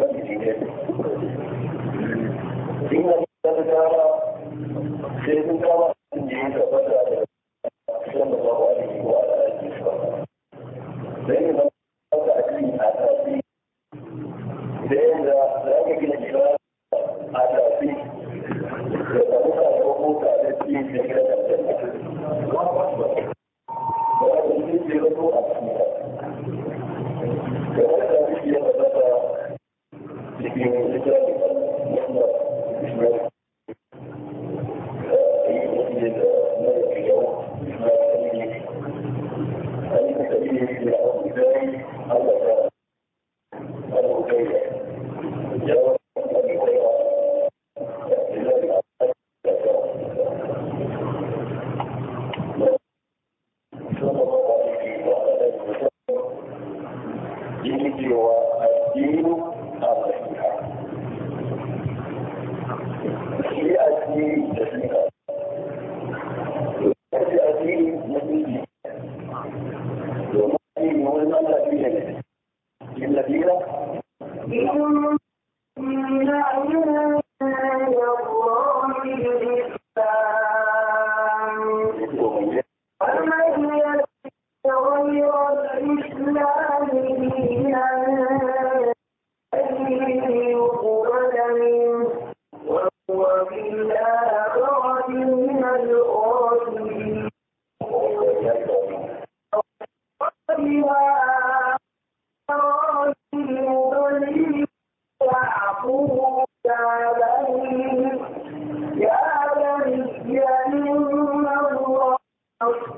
in ka ta kama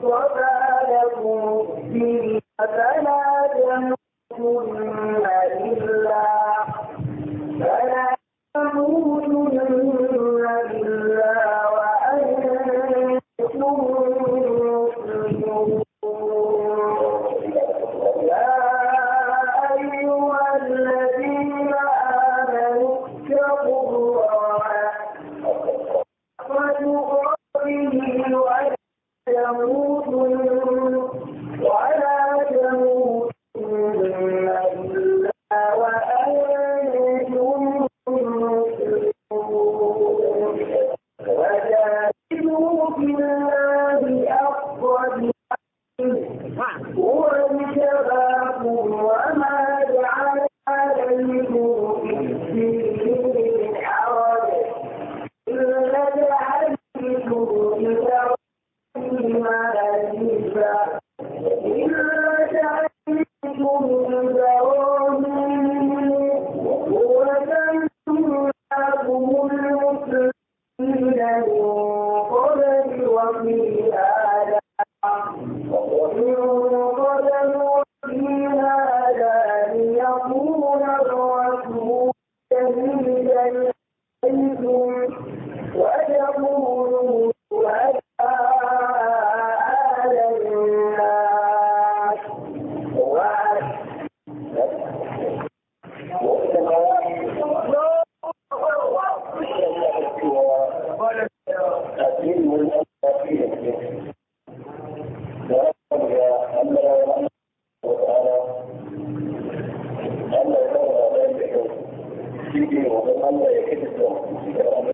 وما لكم به فلا تموتن فلا تموتن إلا jirgin wajen Allah ya kashe da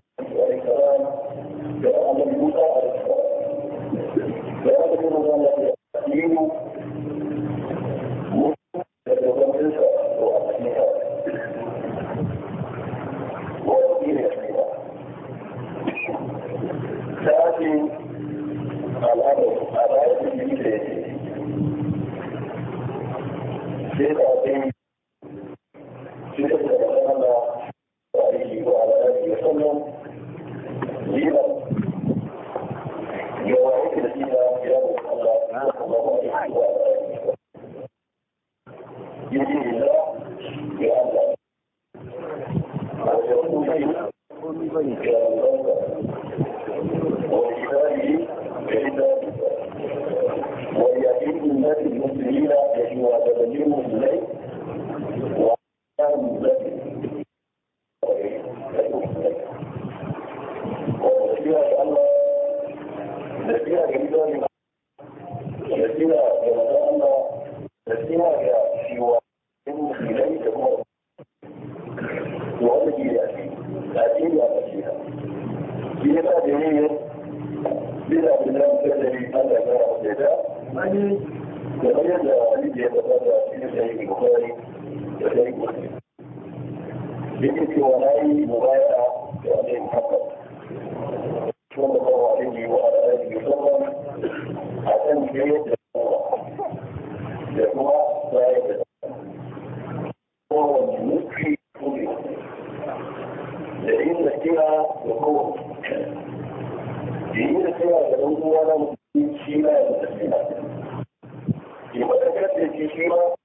cable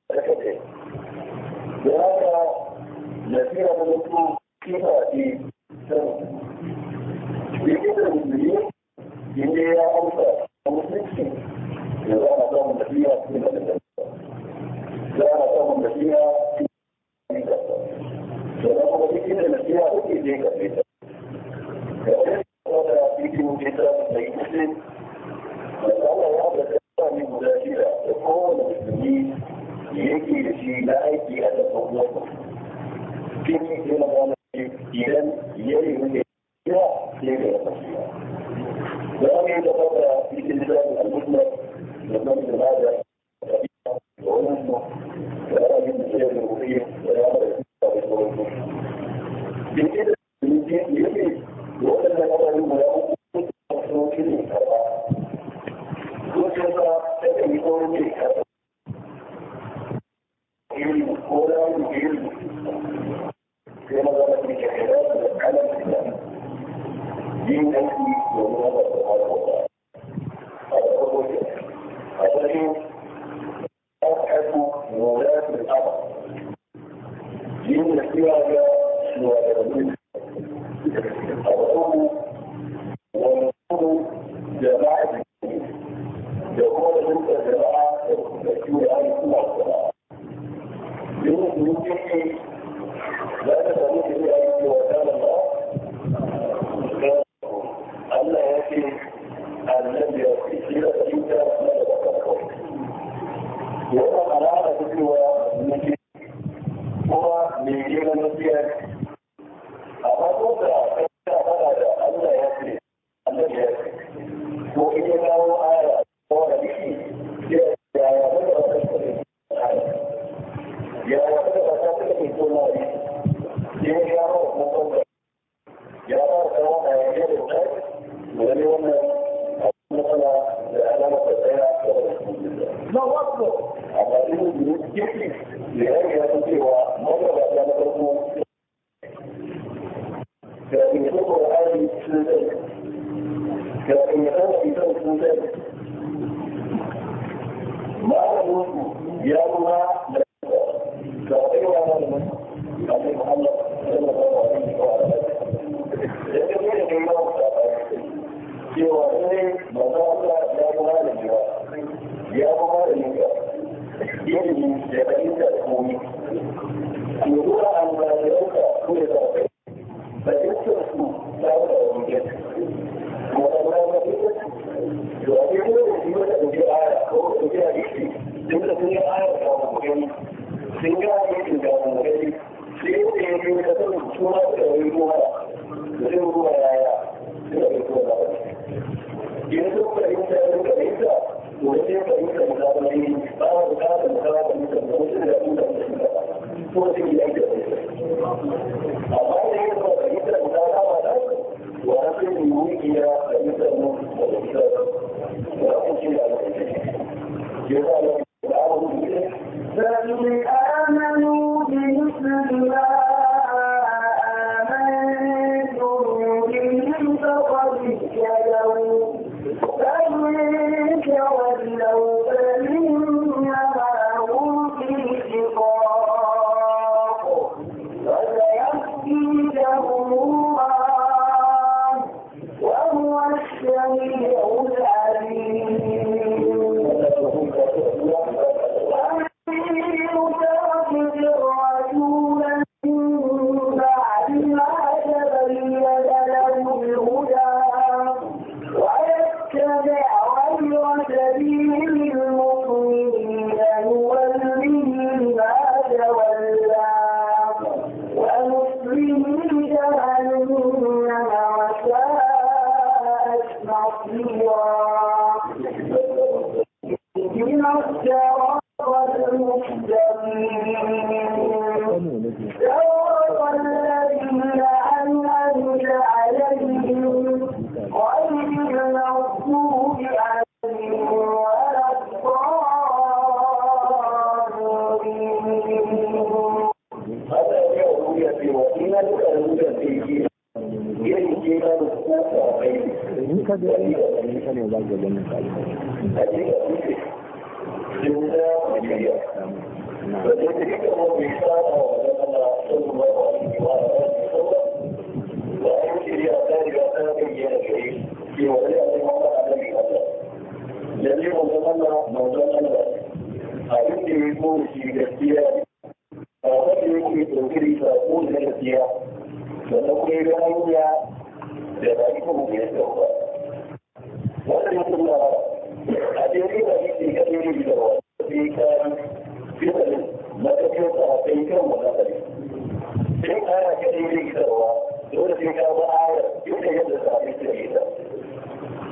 يكسرها دولة يكسرها آية يمكن يدرسها في الكلية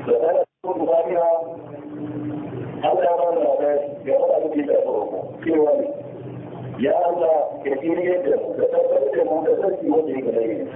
وهذا يكون غالبا هذا ما نعرف يقرأ كتابه في والي يا الله كثير يدرس لتفكر متفكر وجهك إليه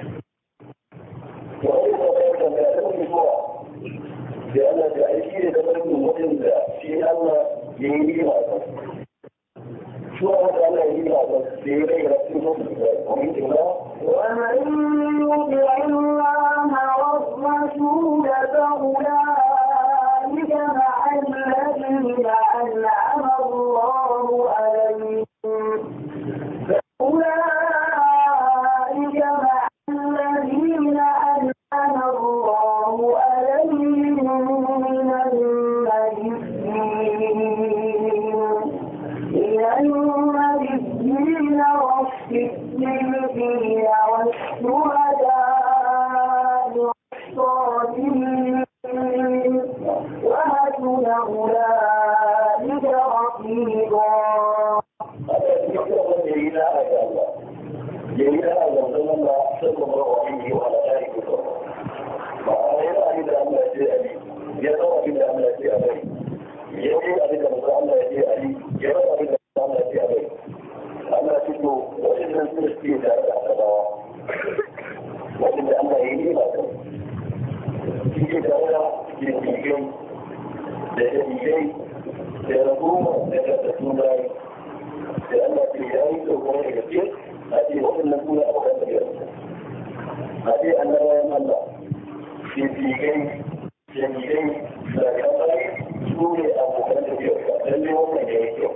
kyau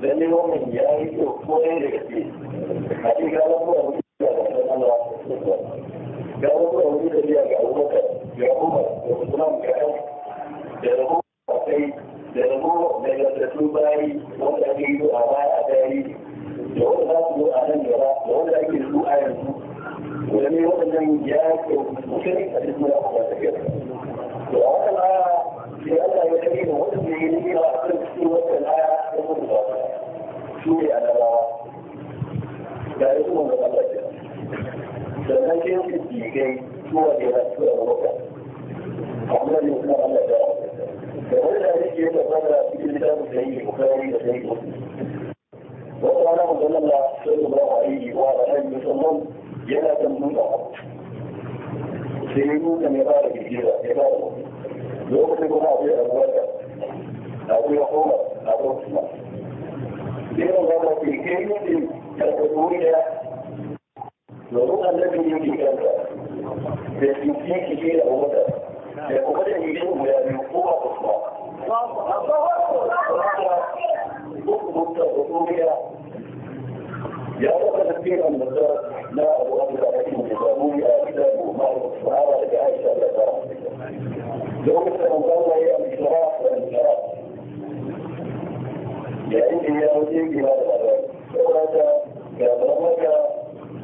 lalle wannan ya yi kyau ko ya da gaske a ce gara kuma wani da ga Allah ga wani da ga Abubakar في شيء يواجه سوء الوفاء عمال يقول على ذلك وذلك يتفرع في كتاب سيد البخاري وسيد مسلم وقال صلى الله صلى الله عليه وعلى اله وسلم يلا تمنون سيروا كما قال الجيرة يقالوا يؤمنكم أبي أبواك أبي عمر أبو عثمان لأن الله في كلمة تقولون والرؤى التي يمكن كذا تسميه كثير أو مدى يقول لي يجب أن يقوى أصلاح تضبط الرسولية يا رب تذكير أن لا أبو أبو عليهم نظامية كتابه معرفة الصحابة لك عائشة لا ترى لو مثل مطلع هي الإشراف والإنشراف يا إني يا مدين بهذا الأبد وهذا يا برمك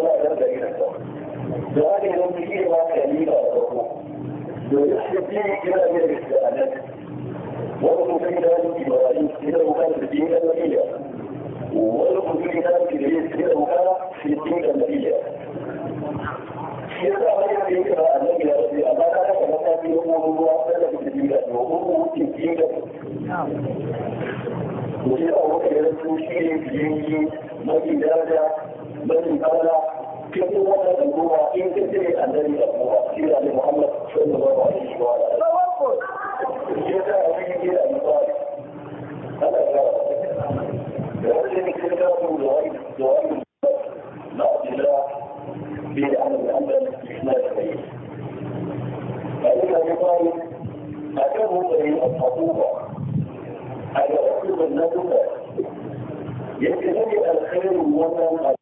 هؤلاء لم يكن وهذه الأمنية كلمة الحقوق ويحيى فيه إلى غير السنة ولكم في ذلك إبراهيم إنه كان في الدين النبيا ولكم في ذلك إبليس إنه كان في الدين النبيا يدعى غير ذلك النبي يا ربي أما كان كما في أمور الله فلك في الدين بل الأولى كيف وضع النبوة إن كثير الذي أبوه إلى لمحمد صلى الله عليه وآله توقف جاء به أبي طالب هذا جاء رجل كتابه زهير زهير لعبد الله بأن الأمل إسلام بعيد فإن أبي طالب أتاه إلى الخطوبة أن يركب النبوة يتجلى الخير والنبوة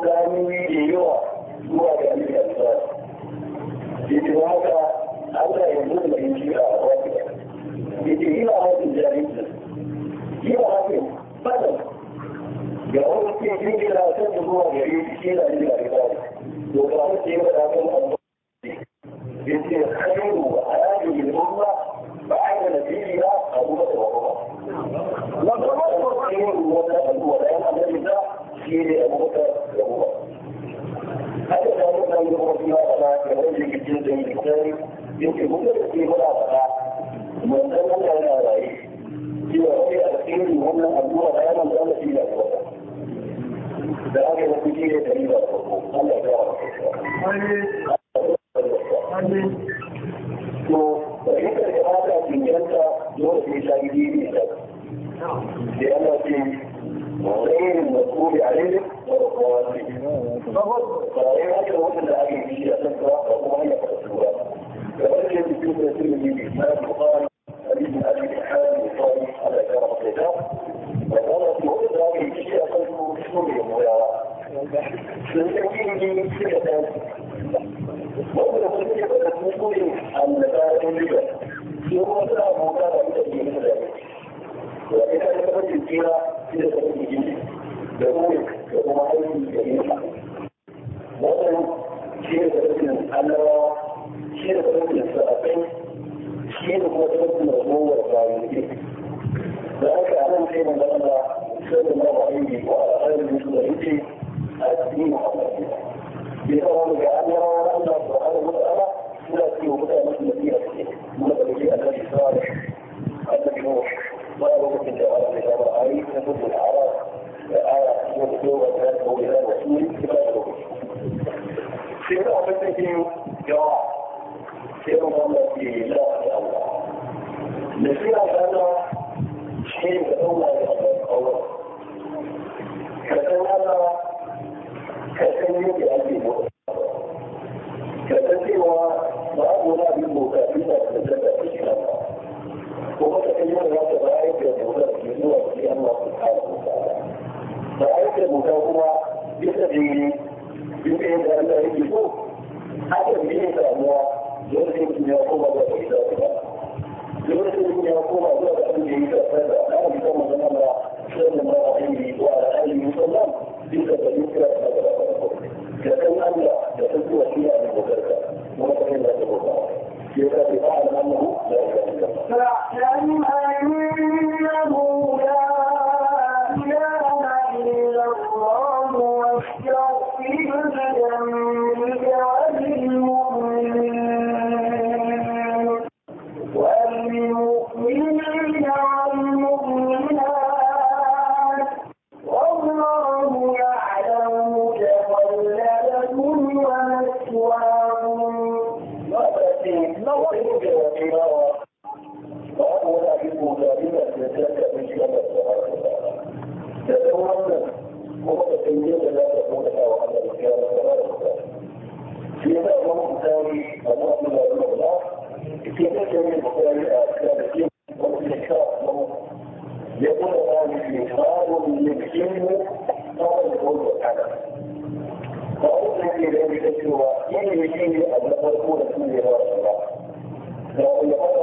kawo ganuwi da yawa zuwa ga alifarsa yake ba haka Allah ya zo da yanki a wata yake yi ba haka jami'a yi ba haka bada ga wani ke jirgin rasan da zuwa gare shi ke da jirgin rasan to ga ke yi ba da kan Thank you.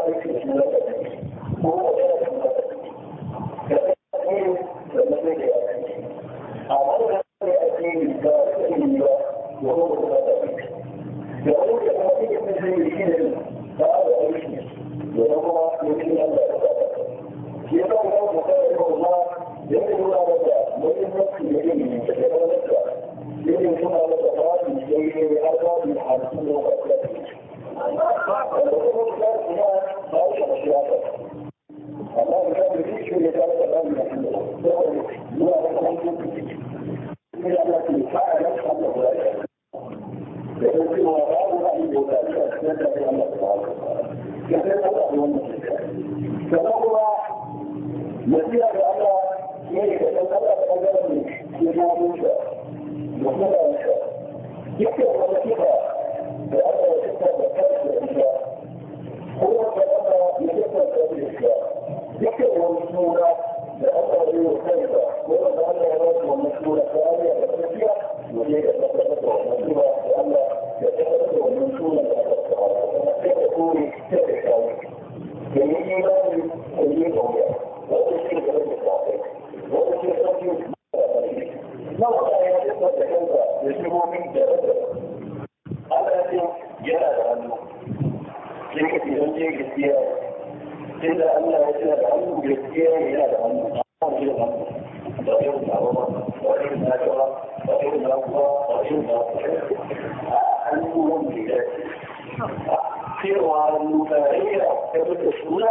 التوحيد السنة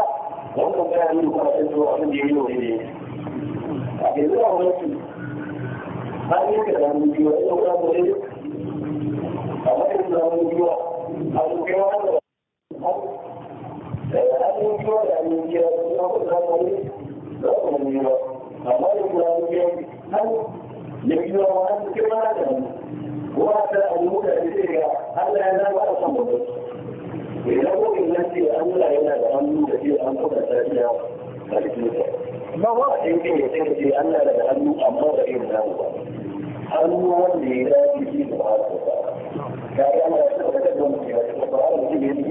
وهم كان منكم أن يؤمنوا به لكن لا هو هل يمكن أن يجوا إلى أولاد العلم؟ أو يمكن أن يجوا أو يمكن أن يجوا أن يجوا إلى أولاد العلم؟ لا يمكن أن يجوا أما يمكن أن يجوا هل يجوا وأنت كما هذا وأتى المتعب إليها ألا ينام ولا صمت لنقول التي أولى إلى أن التي أن تبقى فيها مجلسة ما هو يمكن يتجدي أن لا أن أمر في القرآن الكريم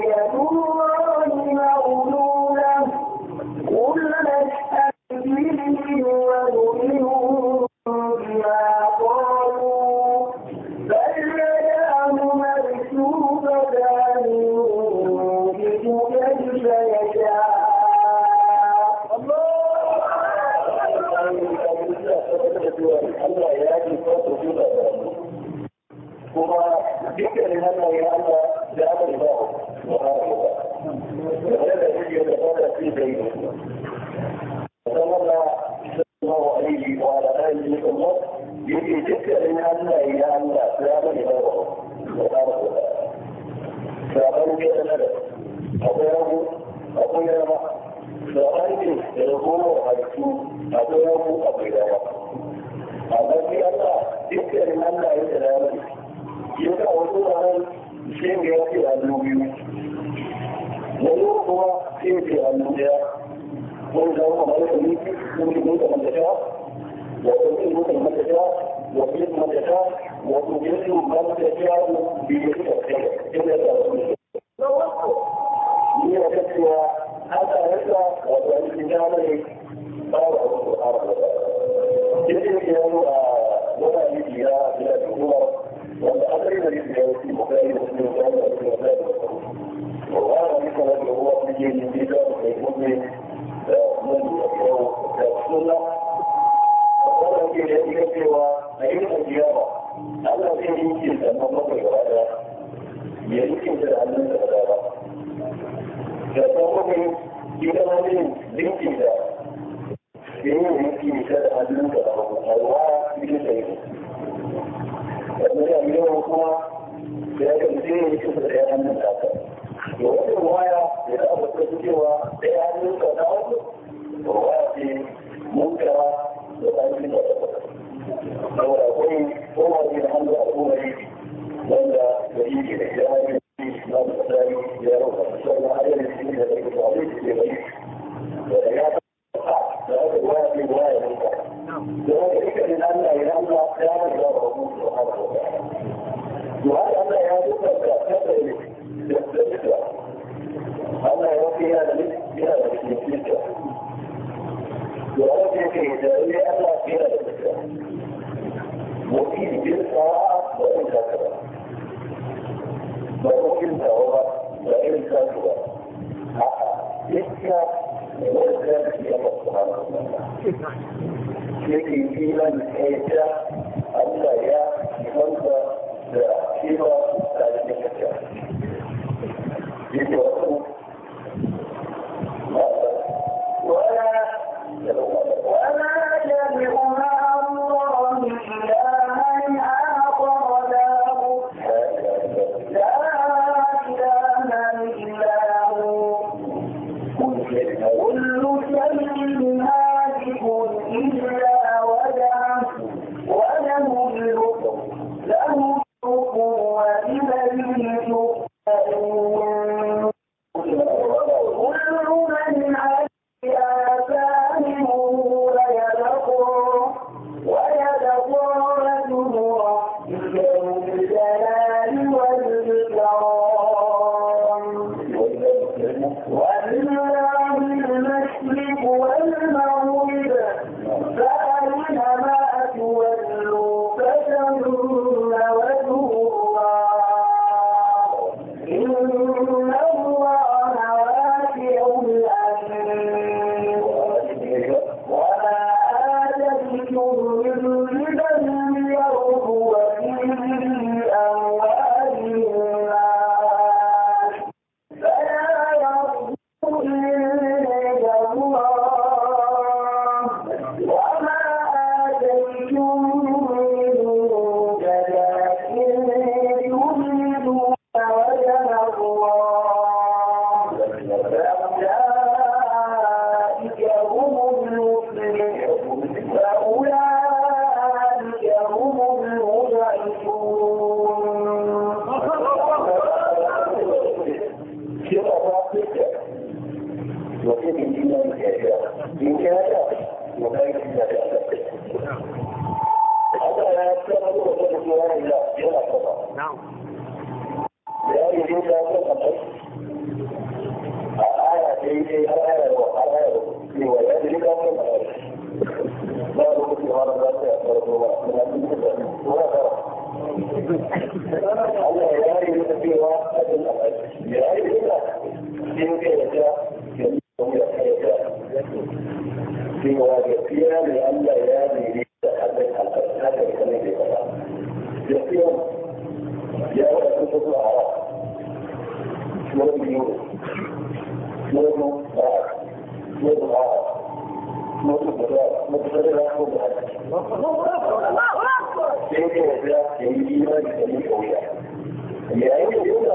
ne wanda ya yi kuma ya da وَإِنَّ Quiero que veas que mi vida es mi Y ahí me una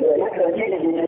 Gracias.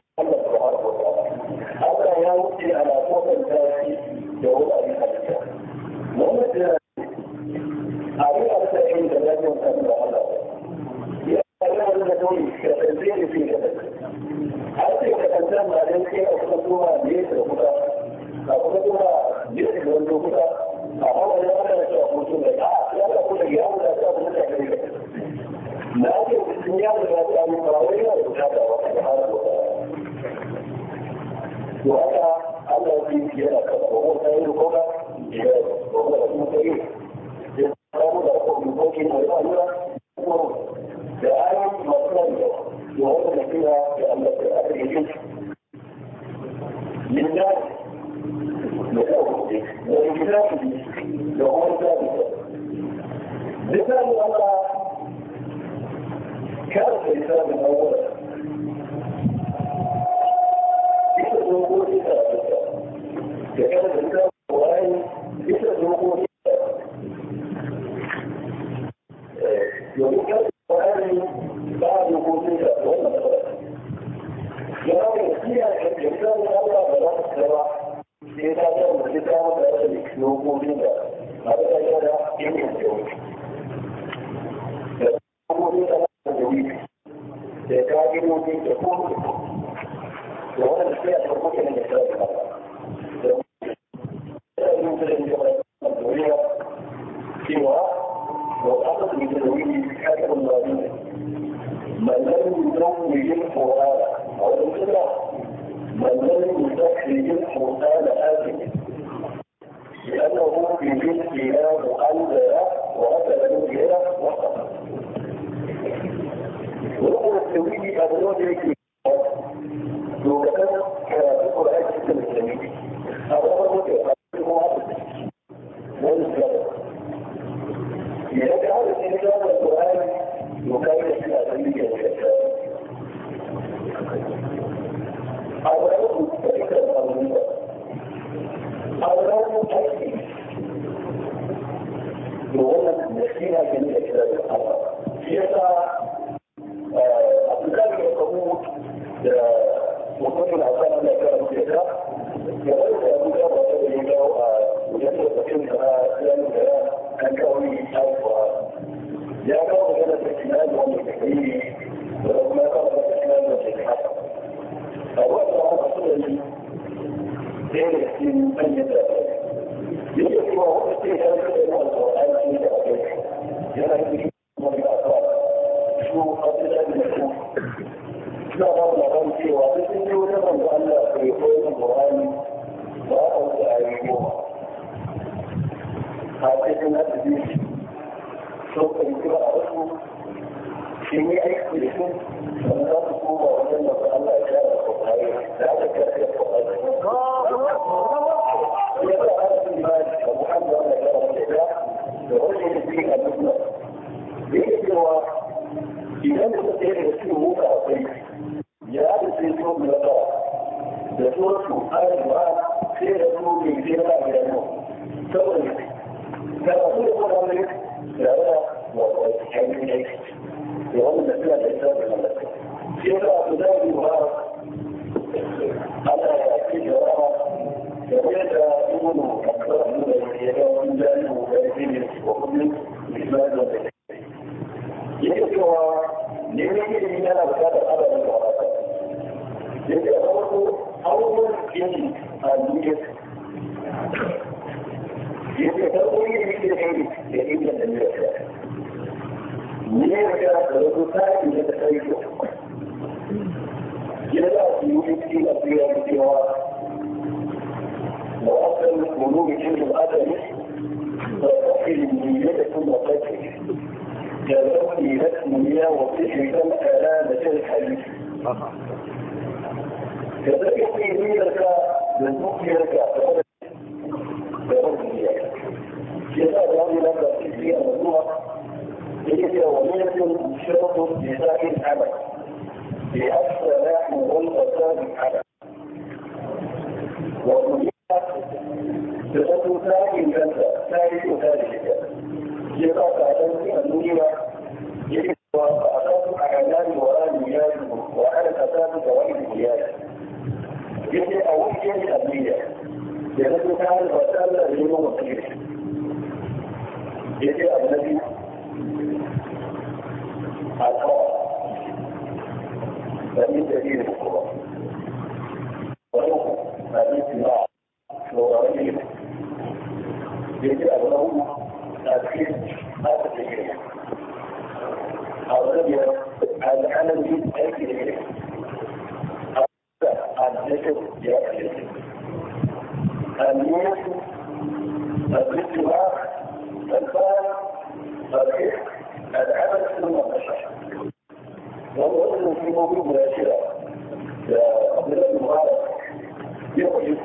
لأنه في مثل ما أنزل ورسل به وقت ونحن نستويه أبناء يبقى بلادها على كده ويبقى تدريبها الفهم صحيح العمل في المناقشه وهو انه في موضوع مناقشه بلاد المغاربه يقعد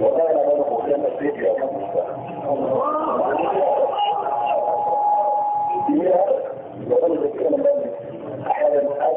وقال له كان البيت يا ابو وقال لك كان احيانا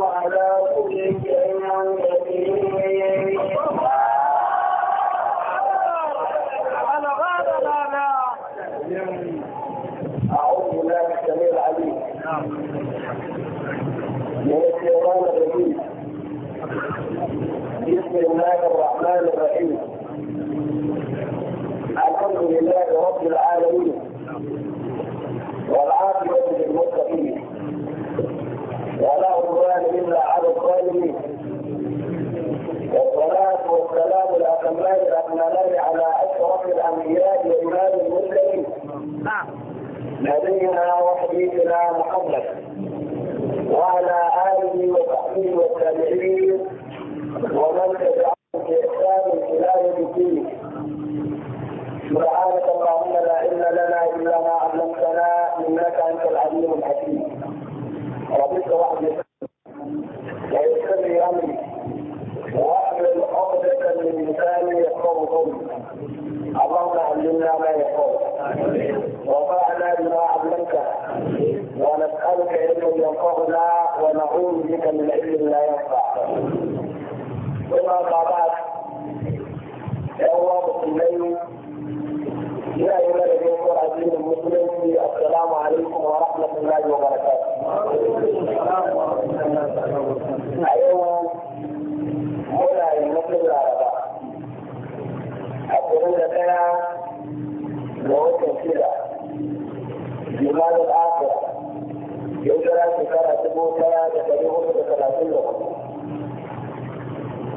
على كل نسألك علما ينفعنا ونعوذ بك من علم لا ينفع وما بعد يا الله مسلمين يا أيها الذين يقول عزيز المسلم السلام عليكم ورحمة الله وبركاته أيوه مولاي مثل العربة أقول لك أنا لو كثيرة لماذا الآخرة yaudara shekara dubu daya da dari hudu da talatin da hudu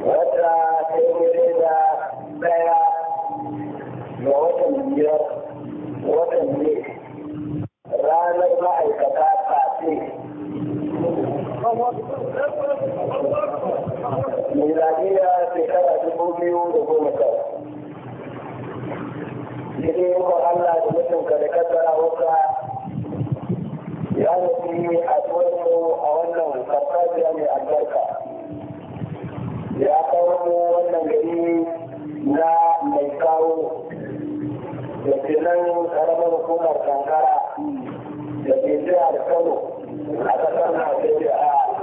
wata daidai da daya ga watan biyar watan ne ranar ma'aikata ta ce miladiya shekara dubu biyu da goma sha Jirgin Allah da mutunka da kasara wata a a wannan mai albarka ya kawo wannan gari na mai kawo da ke nan karamar hukumar kankara da ke a kano a ƙasar najeriya a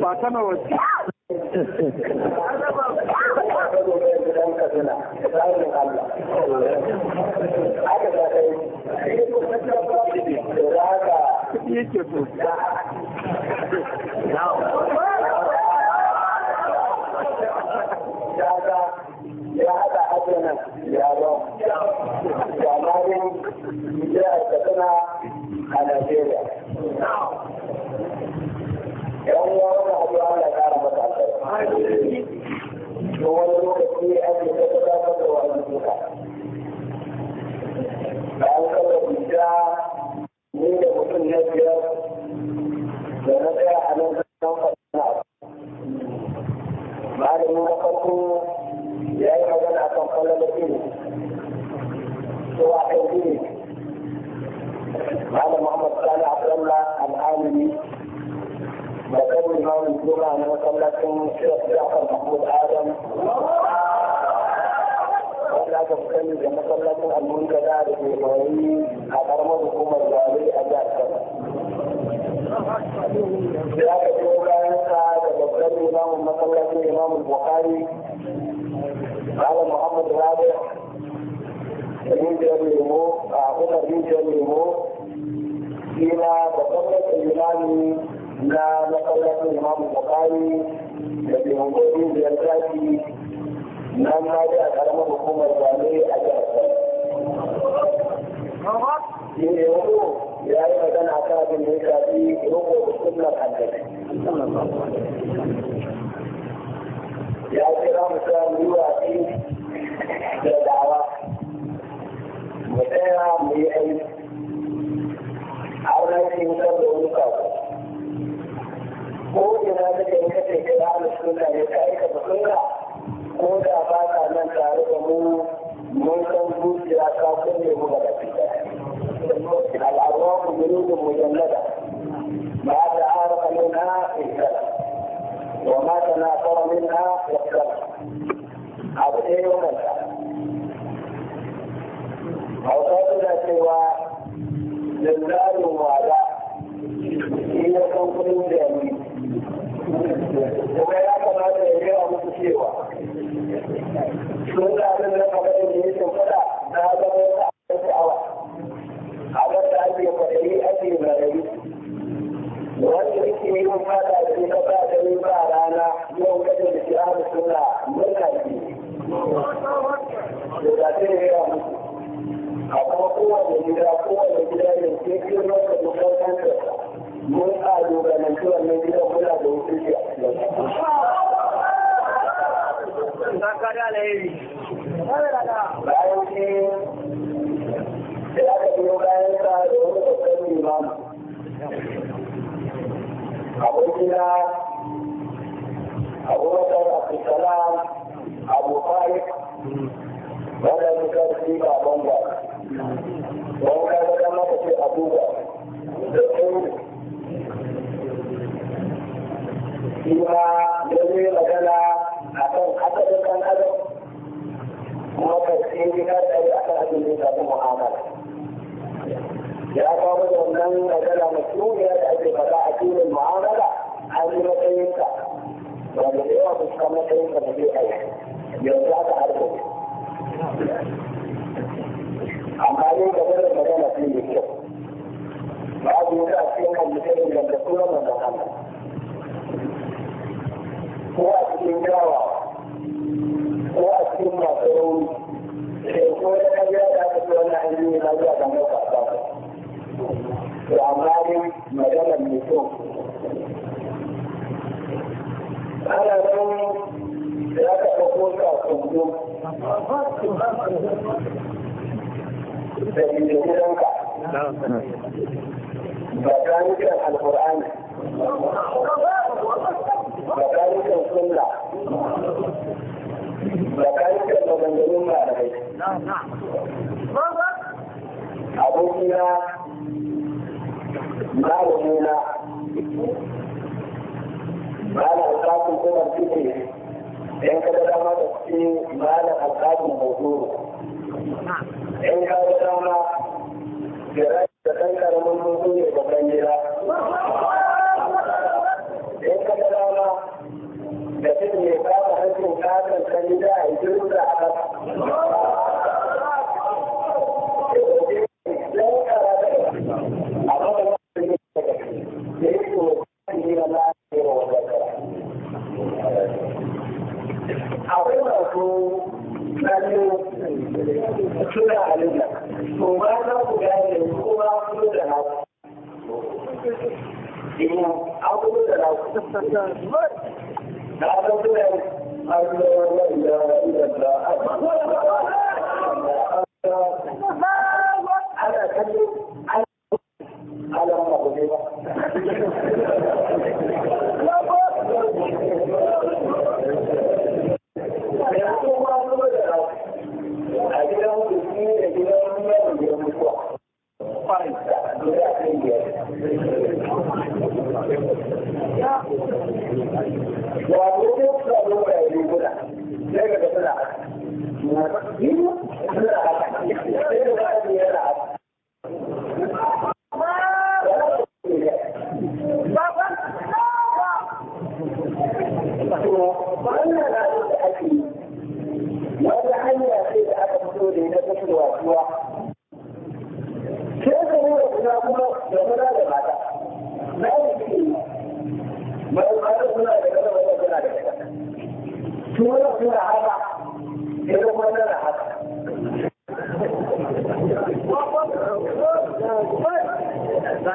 ba yake so ya haɗa adana yaron jamarin jihar katsina a najeriya yan uwa wani abu ala وهو يؤتي أن يتتكاثر وأنفسها فأنقذ النساء من المسنة فنزع أن تنقذ النار مع المنافقة لأي مدن أتنقل لكن سواء حيثين قال محمد صالح عبد الله العالمي بمعنى مثلكم شيخ جعفر محمود ادم ولا تستند مثلكم المنتدى الابراهيم اترمضكم الوالي اجاكم ya ka biyo bayan sa da babban imamun masallacin imamun bukari ala muhammad rabi da rijiyar lemo a kuma rijiyar lemo shi na da babban imami na masallacin imamu bukari da taimakon rijiyar zaki na mafi a karamar hukumar zane a jihar shi ne wato ya yi magana a kan abin da ya shafi roƙo da sunan annabi ya ce za mu sa mu yi watsi da dawa mu tsaya mu yi aiki a wani aiki mu san da wani sako ko ina kake in kace ka da Allah sunna ka aika da sunna ko da ba ka nan tare da mu mun san zuciya ta kunne mu daga cikin al'arwaku mu mujallada ba ta arafa minha ikala wa ma ne na ikala abu ɗaya yau manta hausa suna cewa lillahi wada shi ya san kudin da yanzu kuma ya kamata ya yi gaya musu cewa sun da abin da kamar yadda ya ce fada na zama ta a sha'awa abin da ake kwaɗayi ake zarayi wanda yake yi mun fada da ita ba dare ba rana yau kada da shi ahlu suna murna ce to da sai ya gaya musu a kuma kowane gida kowane gida ne ke kirma da mutum kansa mun kalubalanci wannan gidan muna da hukunci a cikin bayan shi sai aka biyo bayan sa da wani babban limamu abokina abubakar abdulsalam abu faik wanda suka fi baban ba wanda ya zama da ke abubuwa da tsoro kuma ya zai magana a kan asalin kan adam kuma kasi ya tsaye a kan abin da ya shafi mu'amala ya kawo da wannan magana masuniya da ake faɗa a filin mu'amala an yi matsayinka wanda da yawa ba su san matsayinka ba zai aya yanzu aka harbe amma yin gaba da magana sai mai kyau babu wata a cikin kan mutum da kuma manzan Allah وقت النار وقت ما تقول يقول انا جاء تقول عندي ما جاء ما في اعمالي مجال النفوس انا لو لا تقول كاكم بكانك القران bakarikan sunna bakarikan maganganun malamai abokina malamina malam alƙafin kuma suke yan kada dama da ce malam alƙafin hoto in kada dama da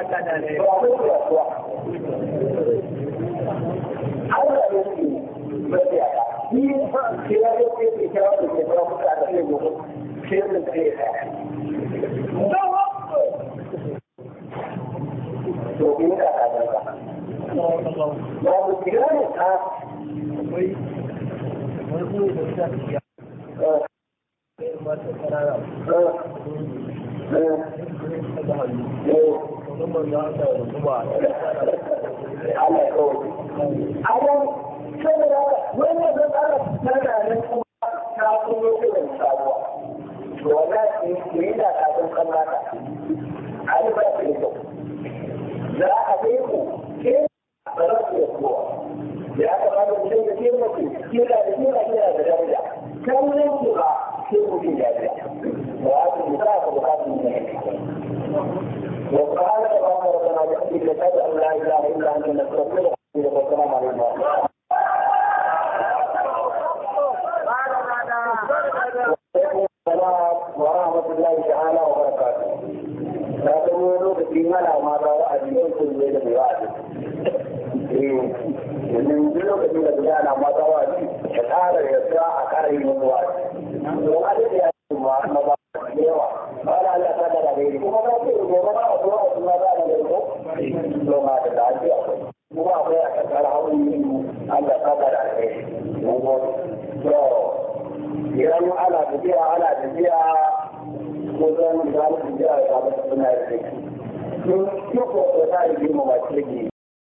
كان عليه Thank you. Allah kawai a nan saboda wannan zan ƙara tana nan kuma ta kuma kiran sabuwa to wallahi ku yi da kafin kan mata an ba ta da kyau ba da ya ta ba suna da shi. Yau ko ta yi girma ba ce ne.